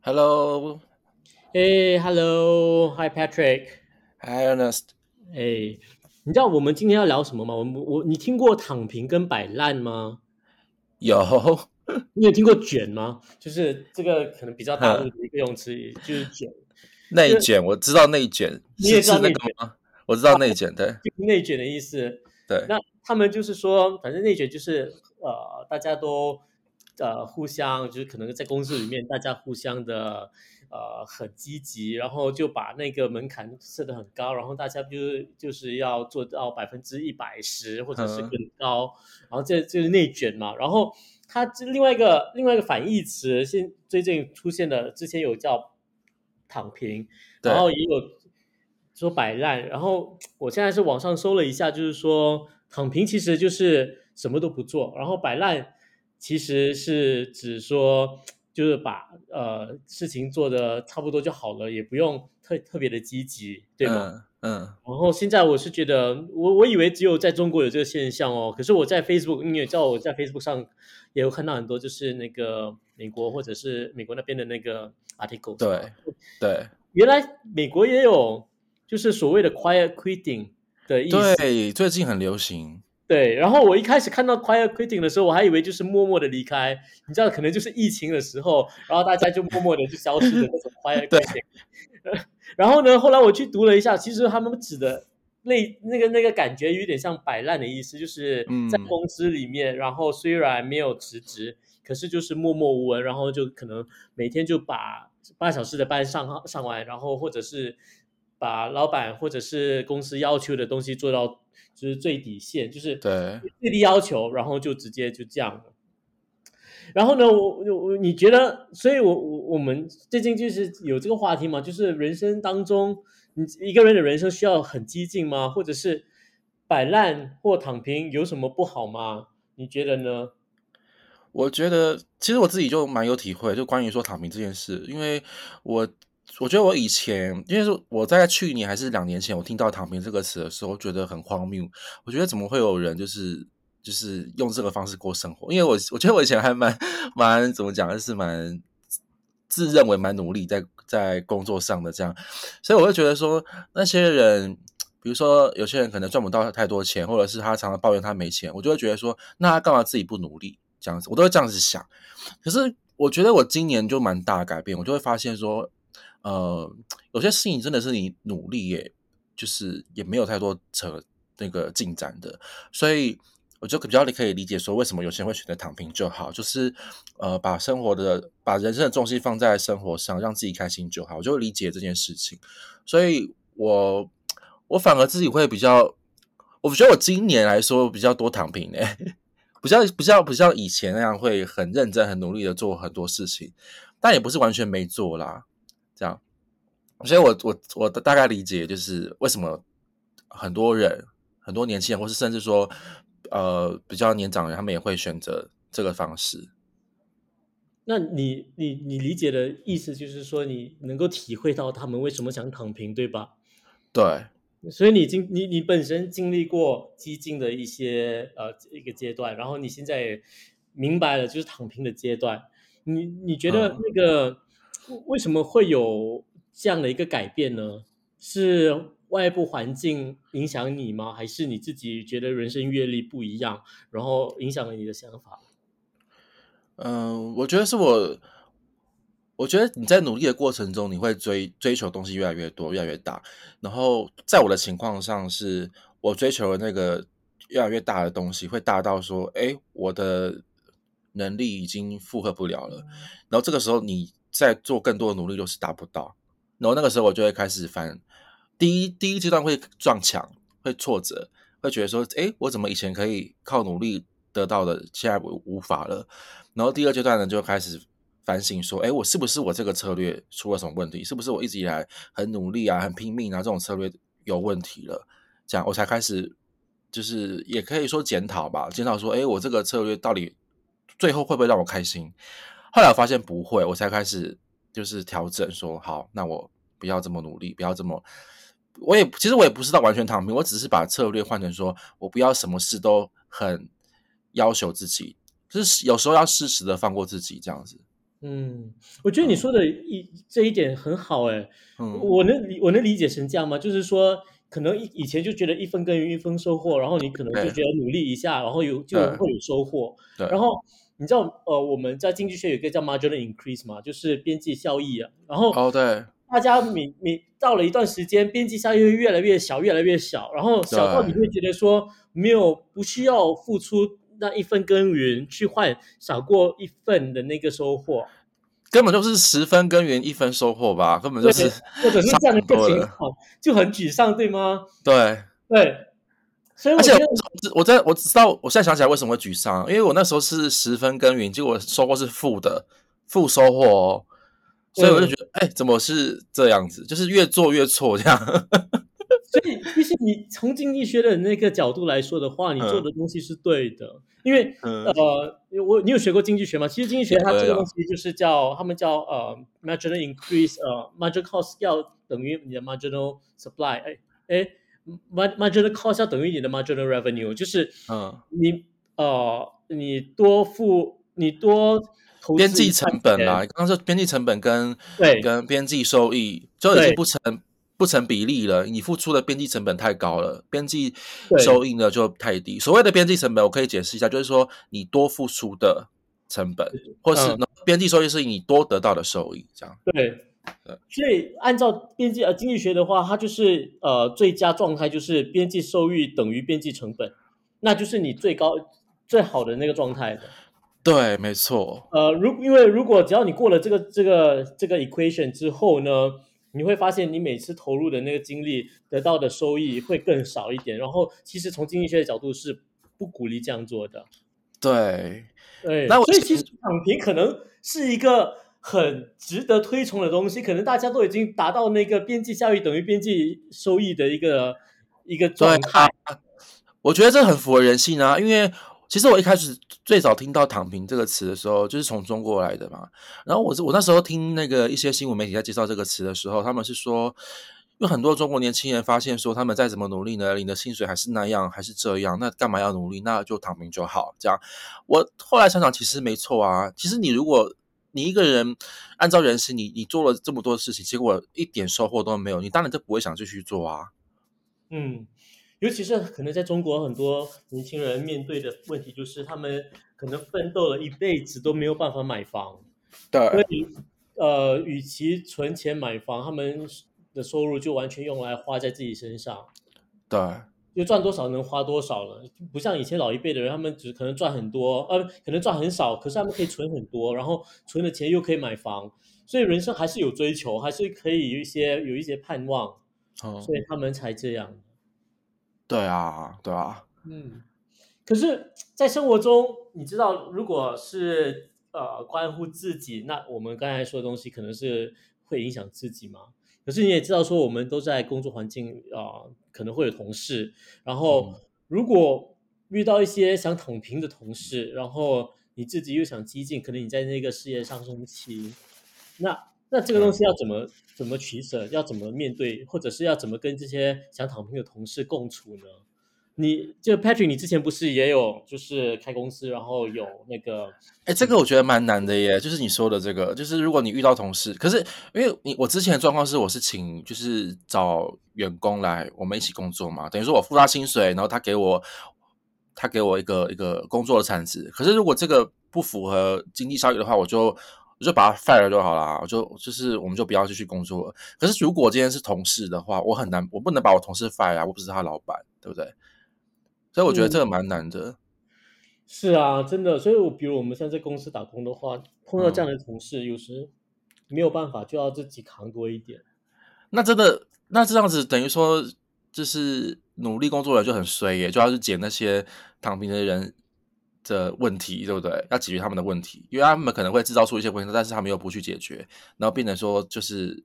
Hello，哎、hey, Hello，Hi Patrick，Hi Ernest，Hey，Hon 你知道我們今天要聊什麼嗎？我我你聽過躺平跟擺爛嗎？有， 你有聽過捲嗎？就是這個可能比較大眾的一個用詞，啊、就是捲，內捲。就是、我知道內捲，你也知道內捲嗎？啊、我知道內捲，對。內捲的意思，對。那他們就是說，反正內捲就是呃，大家都。呃，互相就是可能在公司裡面，大家互相的呃很積極，然後就把那個門檻設得很高，然後大家就是、就是要做到百分之一百十或者是更高，嗯、然後這就是內卷嘛。然後它另外一個另外一個反義詞，現最近出現的，之前有叫躺平，然後也有說擺爛。然後我現在是網上搜了一下，就是說躺平其實就是什麼都不做，然後擺爛。其實是指說，就是把呃事情做得差不多就好了，也不用特特別的積極，對嗎？嗯。嗯然後現在我是覺得，我我以為只有在中國有這個現象哦，可是我在 Facebook，你也知道我在 Facebook 上也有看到很多，就是那個美國或者是美國那邊的那個 article。對對，嘛對原來美國也有，就是所謂的 quiet quitting 的意思。對，最近很流行。對，然後我一開始看到 quiet quitting 的時候，我還以為就是默默的離開，你知道，可能就是疫情的時候，然後大家就默默的就消失了那種 quiet quitting 對 然後呢，後來我去讀了一下，其實他們指的那那個那個感覺有點像擺爛的意思，就是在公司裡面，嗯、然後雖然沒有辭職，可是就是默默無聞，然後就可能每天就把八小時的班上上完，然後或者是把老闆或者是公司要求的東西做到。就是最底線，就是最低要求，對然後就直接就這樣然後呢，我我你覺得，所以我我我們最近就是有這個話題嘛，就是人生當中，你一個人的人生需要很激進嗎？或者是擺爛或躺平，有什麼不好嗎？你覺得呢？我覺得，其實我自己就蠻有體會，就關於說躺平這件事，因為我。我覺得我以前，因為說我在去年還是兩年前，我聽到“躺平”這個詞的時候，覺得很荒謬。我覺得怎麼會有人就是就是用這個方式過生活？因為我我覺得我以前還蠻蠻怎麼講，就是蠻自認為蠻努力在在工作上的這樣，所以我會覺得說那些人，比如說有些人可能賺不到太多錢，或者是他常常抱怨他沒錢，我就會覺得說，那他幹嘛自己不努力？這樣子，我都會這樣子想。可是我覺得我今年就蠻大改變，我就會發現說。呃，有些事情真的是你努力誒，也就是也沒有太多成那個進展的，所以我就比較可以理解說，為什麼有些人會選擇躺平就好，就是呃，把生活的、把人生的重心放在生活上，讓自己開心就好，我就理解這件事情。所以我，我我反而自己會比較，我覺得我今年來說比較多躺平，哎，比較比較不像以前那樣會很認真、很努力的做很多事情，但也不是完全沒做啦。這樣，所以我我我大概理解，就是為什麼很多人、很多年輕人，或是甚至說，呃，比較年長人，他們也會選擇這個方式。那你你你理解的意思，就是說你能夠體會到他們為什麼想躺平，對吧？對。所以你經你你本身經歷過激進的一些呃一個階段，然後你現在也明白了就是躺平的階段，你你覺得那個？嗯為什麼會有這樣的一個改變呢？是外部環境影響你嗎？還是你自己覺得人生閱歷不一樣，然後影響了你的想法？嗯、呃，我覺得是我，我覺得你在努力的過程中，你會追追求東西越來越多，越來越大。然後在我的情況上是，是我追求的那個越來越大的東西，會大到說，哎，我的能力已經負荷不了了。然後這個時候你。在做更多的努力都是達不到，然後那個時候我就會開始翻，第一第一階段會撞牆，會挫折，會覺得說，哎，我怎麼以前可以靠努力得到的，現在我無法了。然後第二階段呢，就開始反省說，哎，我是不是我這個策略出了什麼問題？是不是我一直以來很努力啊，很拼命啊，這種策略有問題了？這樣我才開始，就是也可以說檢討吧，檢討說，哎，我這個策略到底最後會不會讓我開心？後來我發現不會，我才開始就是調整說，說好，那我不要這麼努力，不要這麼，我也其實我也不是到完全躺平，我只是把策略換成說，我不要什麼事都很要求自己，就是有時候要適時的放過自己，這樣子。嗯，我覺得你說的一這一點很好、欸，哎、嗯，我能我能理解成這樣嗎？就是說，可能以前就覺得一分耕耘一分收穫，然後你可能就覺得努力一下，對然後有就會有收穫，對然後。對你知道，呃，我們在經濟學有一個叫 marginal increase 嘛，就是邊際效益啊。然後哦，oh, 對,大家每每到了一段時間，邊際效益會越來越小，越來越小，然後小到你會覺得說對沒有不需要付出那一分耕耘去換少過一份的那個收穫，根本就是十分耕耘一分收穫吧，根本就是或者是這樣的個性，就很沮喪，對嗎？對對。所以我我，我在我知道我現在想起來為什麼會沮喪，因為我那時候是十分耕耘，結果我收穫是負的，負收穫，哦，所以我就覺得，哎、嗯，欸，怎麼是這樣子？就是越做越錯這樣。所以 其實你從經濟學的那個角度來說的話，嗯、你做的東西是對的，因為、嗯、呃，我你有學過經濟學嗎？其實經濟學它這個東西就是叫他們叫呃、uh，marginal increase 呃、uh，marginal cost 要等於你的 marginal supply 哎哎。哎 Marginal cost 要等於你的 marginal revenue，就是，嗯，你哦、呃，你多付，你多投資，邊際成本啦、啊。剛剛說邊際成本跟對跟邊際收益，就已經不成對不成比例了，你付出的邊際成本太高了，邊際收益呢就太低。對所謂的邊際成本，我可以解釋一下，就是說你多付出的成本，或是邊際、嗯、收益是你多得到的收益，這樣。對。呃，所以，按照邊際呃經濟學的話，它就是呃最佳狀態就是邊際收益等於邊際成本，那就是你最高最好的那個狀態。對，沒錯。呃，如因為如果只要你過了這個這個這個 equation 之後呢，你會發現你每次投入的那個精力得到的收益會更少一點。然後，其實從經濟學的角度是不鼓勵這樣做的。對，對。那我所以其實躺平可能是一個。很值得推崇的東西，可能大家都已經達到那個邊際效益等於邊際收益的一個一個狀態。對啊，我覺得這很符合人性啊，因為其實我一開始最早聽到“躺平”這個詞的時候，就是從中國來的嘛。然後我我那時候聽那個一些新聞媒體在介紹這個詞的時候，他們是說有很多中國年輕人發現說，他們再怎麼努力呢，領的薪水還是那樣，還是這樣，那幹嘛要努力？那就躺平就好。這樣，我後來想想，其實沒錯啊。其實你如果你一個人按照人性，你你做了這麼多事情，結果一點收穫都沒有，你當然就不會想繼續做啊。嗯，尤其是可能在中國很多年輕人面對的問題，就是他們可能奮鬥了一輩子都沒有辦法買房。對。呃，與其存錢買房，他們的收入就完全用來花在自己身上。對。又賺多少能花多少了，不像以前老一輩的人，他們只可能賺很多，呃，可能賺很少，可是他們可以存很多，然後存的錢又可以買房，所以人生還是有追求，還是可以有一些有一些盼望，嗯，所以他們才這樣。對啊，對啊，嗯。可是，在生活中，你知道，如果是呃關乎自己，那我們剛才說的東西可能是會影響自己嘛。可是你也知道，說我們都在工作環境啊。呃可能會有同事，然後如果遇到一些想躺平的同事，嗯、然後你自己又想激進，可能你在那個事業上升期，那那這個東西要怎麼、嗯、怎麼取舍，要怎麼面對，或者是要怎麼跟這些想躺平的同事共處呢？你就 Patrick，你之前不是也有就是開公司，然後有那個，哎、欸，這個我覺得蠻難的耶。就是你說的這個，就是如果你遇到同事，可是因為你我之前的狀況是我是請就是找員工來我們一起工作嘛，等於說我付他薪水，然後他給我，他給我一個一個工作的產值。可是如果這個不符合經濟效益的話，我就我就把他 fire 了就好啦，我就就是我們就不要繼續工作了。可是如果今天是同事的話，我很難，我不能把我同事 fire 啊，我不是他老闆，對不對？所以我覺得這個蠻難的，是啊，真的。所以，比如我們現在在公司打工的話，碰到這樣的同事，嗯、有時沒有辦法，就要自己扛多一點。那真的，那這樣子等於說，就是努力工作了就很衰耶，欸，就要去解那些躺平的人的問題，對不對？要解決他們的問題，因為他們可能會制造出一些問題，但是他們又不去解決，然後變成說，就是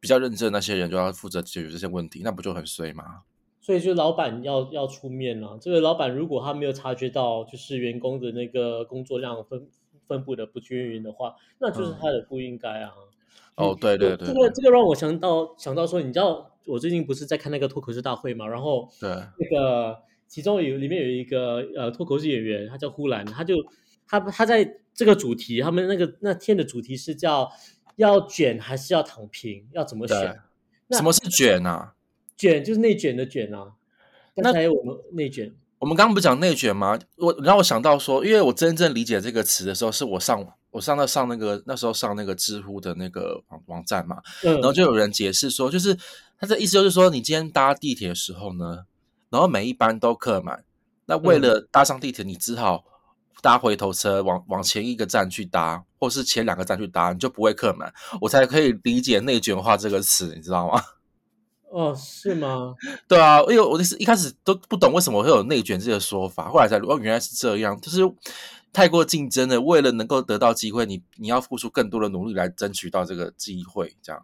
比較認真的那些人就要負責解決這些問題，那不就很衰嗎？所以就老闆要要出面了。這位老闆如果他沒有察覺到，就是員工的那個工作量分分佈的不均勻的話，那就是他的不應該啊、嗯。哦，對對對，這個這個讓我想到想到說，你知道我最近不是在看那個脫口秀大會嘛？然後對那個其中有裡面有一個呃脫口秀演員，他叫呼蘭，他就他他在這個主題，他們那個那天的主題是叫要卷還是要躺平，要怎麼選？什麼是卷啊？捲就是內捲的捲啊，才捲那還有我們內捲，我們剛剛不講內捲嗎？我然後我想到說，因為我真正理解這個詞的時候，是我上我上到上那個那時候上那個知乎的那個網網站嘛，嗯。然後就有人解釋說，就是他的意思就是說，你今天搭地鐵的時候呢，然後每一班都客滿，那為了搭上地鐵，你只好搭回頭車，往往前一個站去搭，或是前兩個站去搭，你就不會客滿，我才可以理解內捲化這個詞，你知道嗎？哦，是嗎？ 對啊，因為我是一開始都不懂為什麼會有內卷這個說法，後來才哦，原來是這樣，就是太過競爭的，為了能夠得到機會，你你要付出更多的努力來爭取到這個機會，這樣，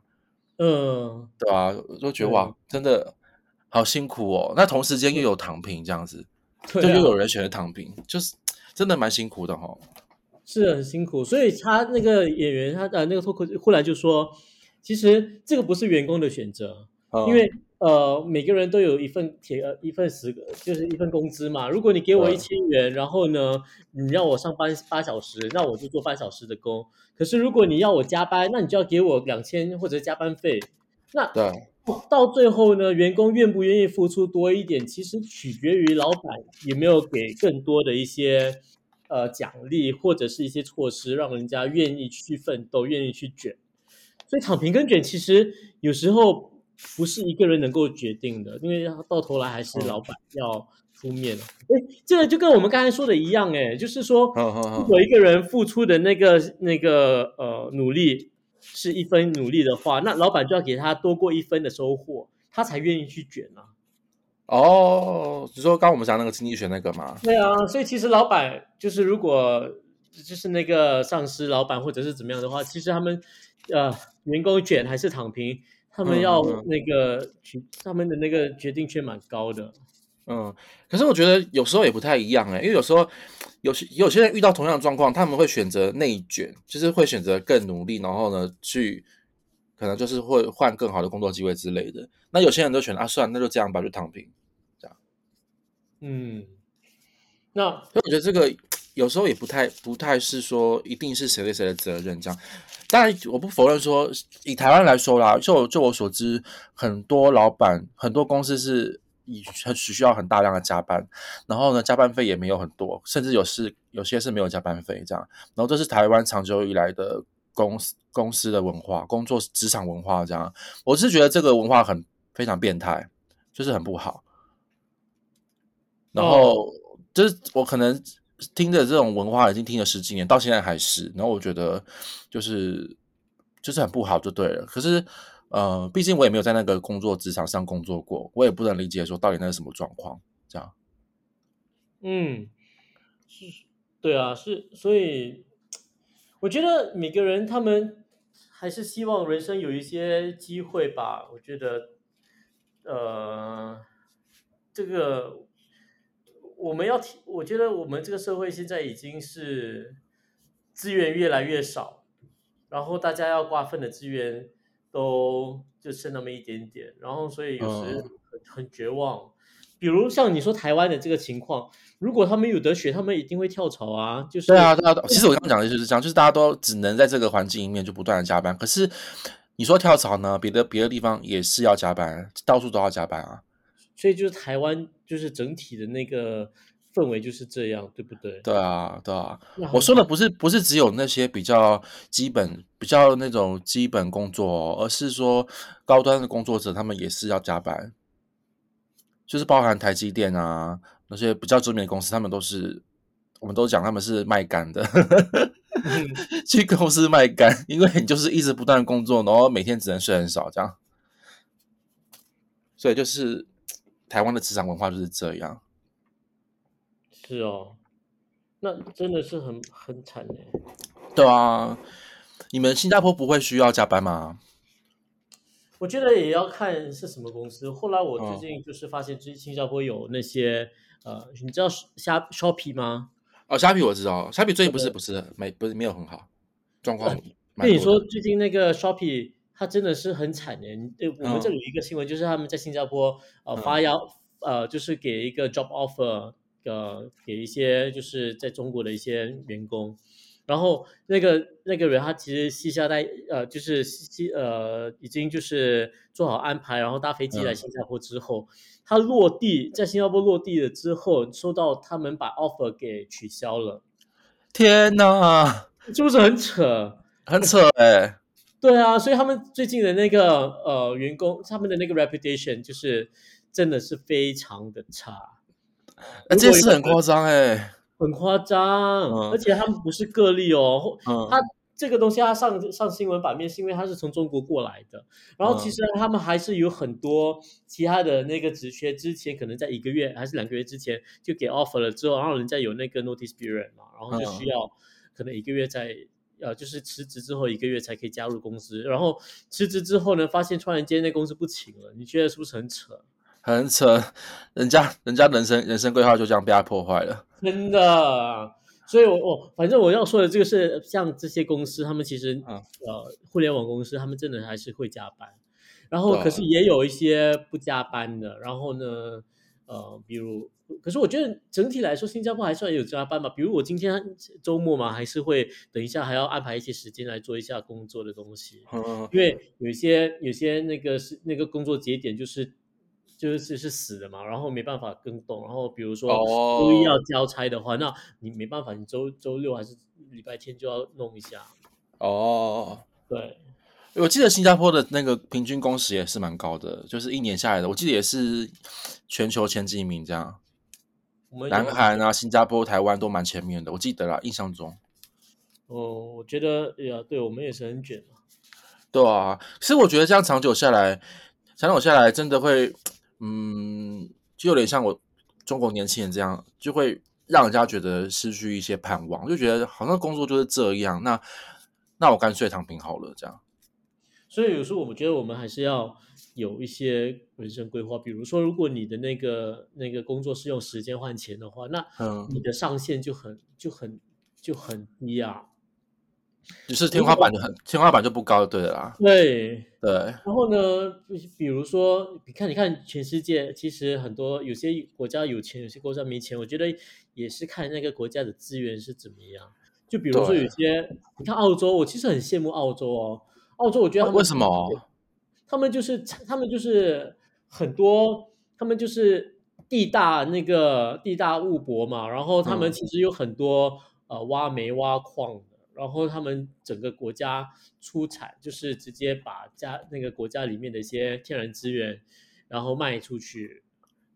嗯、呃，對啊，我都覺得對哇，真的好辛苦哦。那同時間又有躺平這樣子，對就又有人選擇躺平，啊、就是真的蠻辛苦的哦。是很辛苦，所以他那個演員，他呃、啊，那個脫口秀後來就說，其實這個不是員工的選擇。因為呃，每個人都有一份鐵呃一份十就是一份工資嘛。如果你給我一千元，嗯、然後呢，你讓我上班八小時，那我就做八小時的工。可是如果你要我加班，那你就要給我兩千或者加班費。那對，到最後呢，員工願不願意付出多一點，其實取決於老闆有沒有給更多的一些呃獎勵或者是一些措施，讓人家願意去奮鬥，願意去捲。所以躺平跟捲，其實有時候。不是一個人能夠決定的，因為到頭來還是老板要出面了。哦。誒，這個就跟我們剛才說的一樣誒，就是說，哦哦，如果一個人付出的那個那個呃努力是一分努力的話，那老板就要給他多過一分的收穫，他才願意去捲呢，啊。哦，你說剛剛我們講那個經濟學那個嗎？對啊，所以其實老板就是如果就是那個上司老板或者是怎麼樣的話，其實他們呃，呃員工卷還是躺平。他們要那個、嗯、他們的那個決定權蠻高的。嗯，可是我覺得有時候也不太一樣哎、欸，因為有時候有些有些人遇到同樣的狀況，他們會選擇內卷，就是會選擇更努力，然後呢去可能就是會換更好的工作機會之類的。那有些人都選擇啊算了，算那就這樣吧，就躺平這樣。嗯，那所以我覺得這個。嗯有時候也不太不太是說一定是誰對誰的責任這樣，當然我不否認說以台灣來說啦，就我就我所知，很多老板很多公司是以需要很大量的加班，然後呢加班費也沒有很多，甚至有是有些是沒有加班費這樣，然後這是台灣長久以來的公司公司的文化，工作職場文化這樣，我是覺得這個文化很非常變態，就是很不好，然後、哦、就是我可能。聽着這種文化已經聽了十幾年，到現在還是。然後我覺得就是就是很不好就對了。可是呃，畢竟我也沒有在那個工作職場上工作過，我也不能理解說到底那是什麼狀況。這樣，嗯，是，對啊，是，所以我覺得每個人他們還是希望人生有一些機會吧。我覺得，呃，這個。我們要提，我覺得我們這個社會現在已經是資源越來越少，然後大家要瓜分的資源都就剩那麼一點點，然後所以有時很、嗯、很絕望。比如像你說台灣的這個情況，如果他們有得選，他們一定會跳槽啊。就是對啊，對啊，對啊，其實我剛剛講的就是這樣，就是大家都只能在這個環境裡面就不斷的加班。可是你說跳槽呢，別的別的地方也是要加班，到處都要加班啊。所以就是台灣，就是整體的那個氛圍就是這樣，對不對？對啊，對啊。嗯、我說的不是不是只有那些比較基本、比較那種基本工作，而是說高端的工作者他們也是要加班，就是包含台積電啊那些比較知名的公司，他們都是我們都講他們是賣肝的， 嗯、去公司賣肝，因為你就是一直不斷工作，然後每天只能睡很少，這樣，所以就是。台灣的職場文化就是這樣，是哦，那真的是很很慘的。對啊，你們新加坡不會需要加班嗎？我覺得也要看是什麼公司。後來我最近就是發現，新加坡有那些、哦、呃，你知道蝦 Shopee、e、嗎？哦，Shopee 我知道，Shopee 最近不是不是的沒不是沒有很好狀況。那、呃、你說最近那個 Shopee、E 他真的是很慘人，對，我們這裡有一個新聞，就是他們在新加坡呃發邀、嗯、呃，就是給一個 job offer，呃，給一些就是在中國的一些員工，然後那個那個人他其實私下帶呃，就是西西呃，已經就是做好安排，然後搭飛機來新加坡之後，嗯、他落地在新加坡落地了之後，收到他們把 offer 給取消了。天哪，是不是很扯？很扯哎、欸！對啊，所以他們最近的那個呃，呃員工，他們的那個 reputation 就是真的是非常的差，呃、這件事很誇張誒、欸，很誇張，嗯、而且他們不是個例哦。嗯、他這個東西他上上新聞版面，是因為他是從中國過來的。然後其實他們還是有很多其他的那個職缺，之前可能在一個月還是兩個月之前就給 offer 了，之後然後人家有那個 notice period 嘛，然後就需要可能一個月再。嗯呃，就是辭職之後一個月才可以加入公司，然後辭職之後呢，發現突然間那公司不請了，你覺得是不是很扯？很扯，人家，人家人生人生規劃就這樣被他破壞了，真的。所以，我、哦、我反正我要說的這個是，像這些公司，他們其實啊，呃，互聯網公司，他們真的還是會加班，然後可是也有一些不加班的，然後呢，呃，比如。可是我覺得整體來說，新加坡還算有加班吧。比如我今天周末嘛，還是會等一下還要安排一些時間來做一下工作的東西。嗯，因為有些有些那個是那個工作節點就是就是是死的嘛，然後沒辦法更動。然後比如說周一要交差的話，那你沒辦法，你周周六還是禮拜天就要弄一下。哦，對，我記得新加坡的那個平均工時也是蠻高的，就是一年下來的，我記得也是全球前幾名這樣。南韓啊，新加坡、台灣都蠻前面的，我記得啦，印象中。哦，我覺得，呀，對我們也是很卷嘛。對啊，其實我覺得這樣長久下來，長久下來真的會，嗯，就有點像我中國年輕人這樣，就會讓人家覺得失去一些盼望，就覺得好像工作就是這樣，那那我乾脆躺平好了這樣。所以有時候我覺得我們還是要。有一些人生規劃，比如說，如果你的那個那個工作是用時間換錢的話，那你的上限就很、嗯、就很就很低啊，就是天花板就很就天花板就不高，對啦。對對。對然後呢，比如說，你看，你看，全世界其實很多有些國家有錢，有些國家沒錢，我覺得也是看那個國家的資源是怎麼樣。就比如說，有些對你看澳洲，我其實很羨慕澳洲哦，澳洲我覺得。為什麼？他們就是，他們就是很多，他們就是地大那個地大物博嘛，然後他們其實有很多、嗯、呃挖煤挖礦的，然後他們整個國家出產就是直接把家那個國家裡面的一些天然資源，然後賣出去，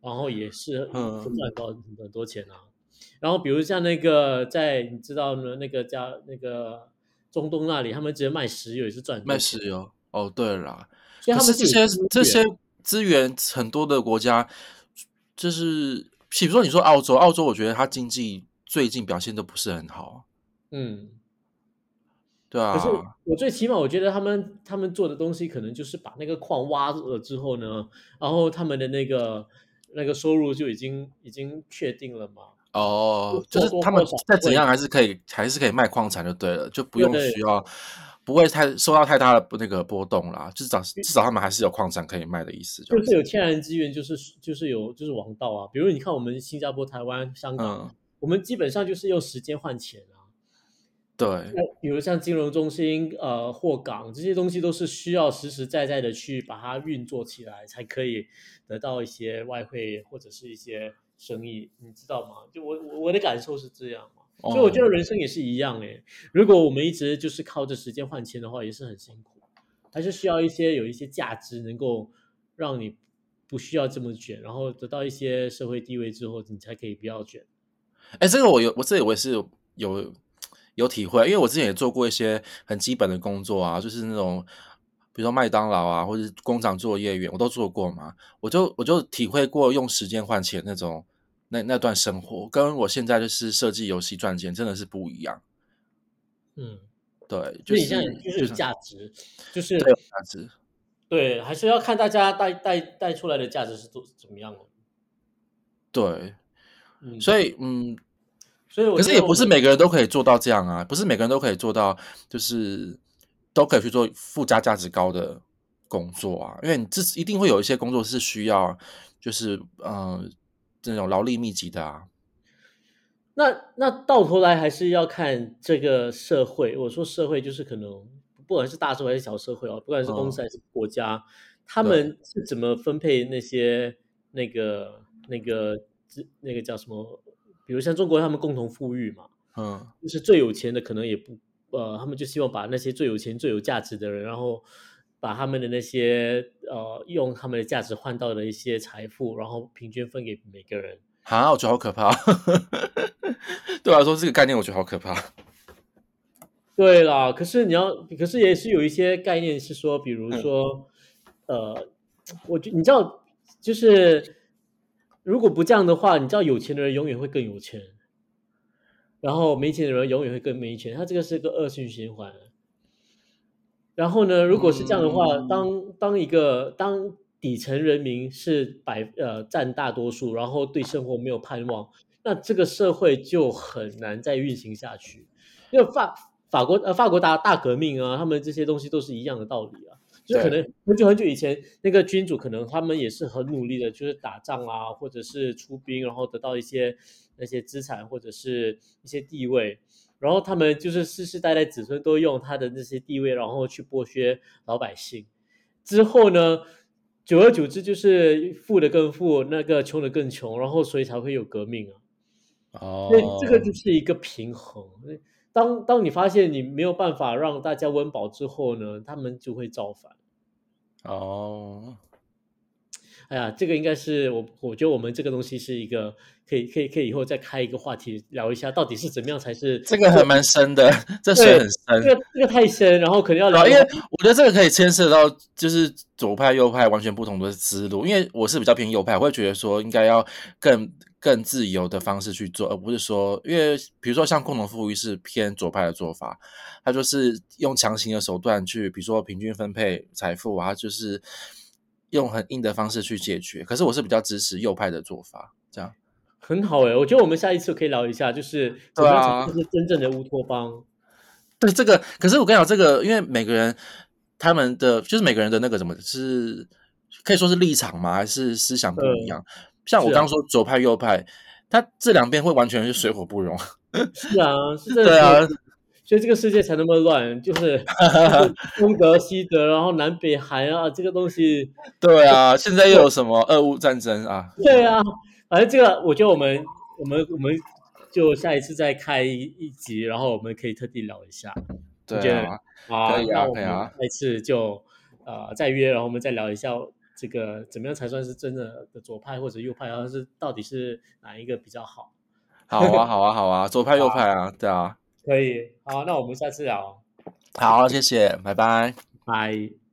然後也是嗯賺到很多很多錢啊，嗯、然後比如像那個在你知道那那個家，那個中東那裡，他們直接賣石油也是賺錢賣石油。哦，對了啦，他們是，是這些這些資源很多的國家，就是比如說你說澳洲，澳洲，我覺得它經濟最近表現的不是很好。嗯，對啊。可是我最起碼我覺得他們他們做的東西，可能就是把那個礦挖了之後呢，然後他們的那個那個收入就已經已經確定了嘛。哦，就，過過就是他們再怎樣還是可以，還是可以賣礦產就對了，就不用需要。對對。不會太受到太大的那個波動啦，至少至少他們還是有礦產可以賣的意思、就是就就是，就是有天然資源，就是就是有就是王道啊。比如你看我們新加坡、台灣、香港，嗯、我們基本上就是用時間換錢啊。對，比如像金融中心、呃，貨港這些東西，都是需要實實在在，在的去把它運作起來，才可以得到一些外匯或者是一些生意，你知道嗎？就我我的感受是這樣。所以我覺得人生也是一樣哎、欸，哦，如果我們一直就是靠着時間換錢的話，也是很辛苦，還是需要一些有一些價值能夠讓你不需要這麼卷，然後得到一些社會地位之後，你才可以不要卷。哎、欸，這個我有，我這裡我也是有有體會，因為我之前也做過一些很基本的工作啊，就是那種比如說麥當勞啊，或者工廠做業務員，我都做過嘛，我就我就體會過用時間換錢那種。那那段生活跟我現在就是設計遊戲賺錢真的是不一樣。嗯，對，就是就是價值，就是、就是、對，對，還是要看大家帶帶帶出來的價值是怎麼樣的。對，嗯、所以嗯，所以我，覺得我可是也不是每個人都可以做到這樣啊，不是每個人都可以做到，就是都可以去做附加價值高的工作啊，因為你自己一定會有一些工作是需要，就是嗯。呃這種勞力密集的啊，那那到頭來還是要看這個社會。我說社會就是可能不管是大社會還是小社會哦，不管是公司還是國家，嗯、他們是怎麼分配那些、嗯、那個那個那個叫什麼？比如像中國，他們共同富裕嘛，嗯，就是最有錢的可能也不呃，他們就希望把那些最有錢最有價值的人，然後。把他們的那些呃，用他們的價值換到的一些財富，然後平均分給每個人。啊，我覺得好可怕。 對來、啊、說，這個概念我覺得好可怕。對啦，可是你要，可是也是有一些概念是說，比如說，嗯、呃，我覺得你知道，就是如果不這樣的話，你知道，有錢的人永遠會更有錢，然後沒錢的人永遠會更沒錢。他這個是個惡性循環。然後呢，如果是這樣的話，嗯、當當一個當底層人民是百呃佔大多數，然後對生活沒有盼望，那這個社會就很難再運行下去。因為法法國呃法國大大革命啊，他們這些東西都是一樣的道理啊。對就可能很久很久以前，那個君主可能他們也是很努力的，就是打仗啊，或者是出兵，然後得到一些那些資產或者是一些地位。然後他們就是世世代代子孫都用他的那些地位，然後去剝削老百姓。之後呢，久而久之就是富的更富，那個窮的更窮，然後所以才會有革命啊。Oh. 所以這個就是一個平衡。當當你發現你沒有辦法讓大家溫飽之後呢，他們就會造反。哦。Oh. 哎呀，這個應該是我，我覺得我們這個東西是一個可以可以可以以後再開一個話題聊一下，到底是怎麼樣才是這個還蠻深的，我這水很深，這個這個太深，然後可能要聊、啊。因為我覺得這個可以牽涉到就是左派右派完全不同的思路，因為我是比較偏右派，我會覺得說應該要更更自由的方式去做，而不是說，因為比如說像共同富裕是偏左派的做法，他就是用強行的手段去比如說平均分配財富啊，就是。用很硬的方式去解決，可是我是比較支持右派的做法，這樣很好哎、欸。我覺得我們下一次可以聊一下，就是、啊、怎麼樣是真正的烏托邦？對，這個，可是我跟你講，這個因為每個人他們的就是每個人的那個怎麼是可以說是立場嘛，還是思想不一樣？對像我剛,剛說、啊、左派右派，他這兩邊會完全是水火不容。 是啊，是的是對啊。所以這個世界才那麼亂，就是東 德、西德，然後南北韓啊，這個東西。對啊，都現在又有什麼俄烏戰爭啊？對啊，反正這個我覺得我們我們我們就下一次再開一集，然後我們可以特地聊一下。對啊，可以啊。啊可以啊。下一次就呃再約，然後我們再聊一下這個怎麼樣才算是真的左派或者右派，啊，然後是到底是哪一個比較好？好啊，好啊，好啊， 左派右派啊，對啊。可以，好，那我們下次聊，哦。好，謝謝，拜拜。拜，拜。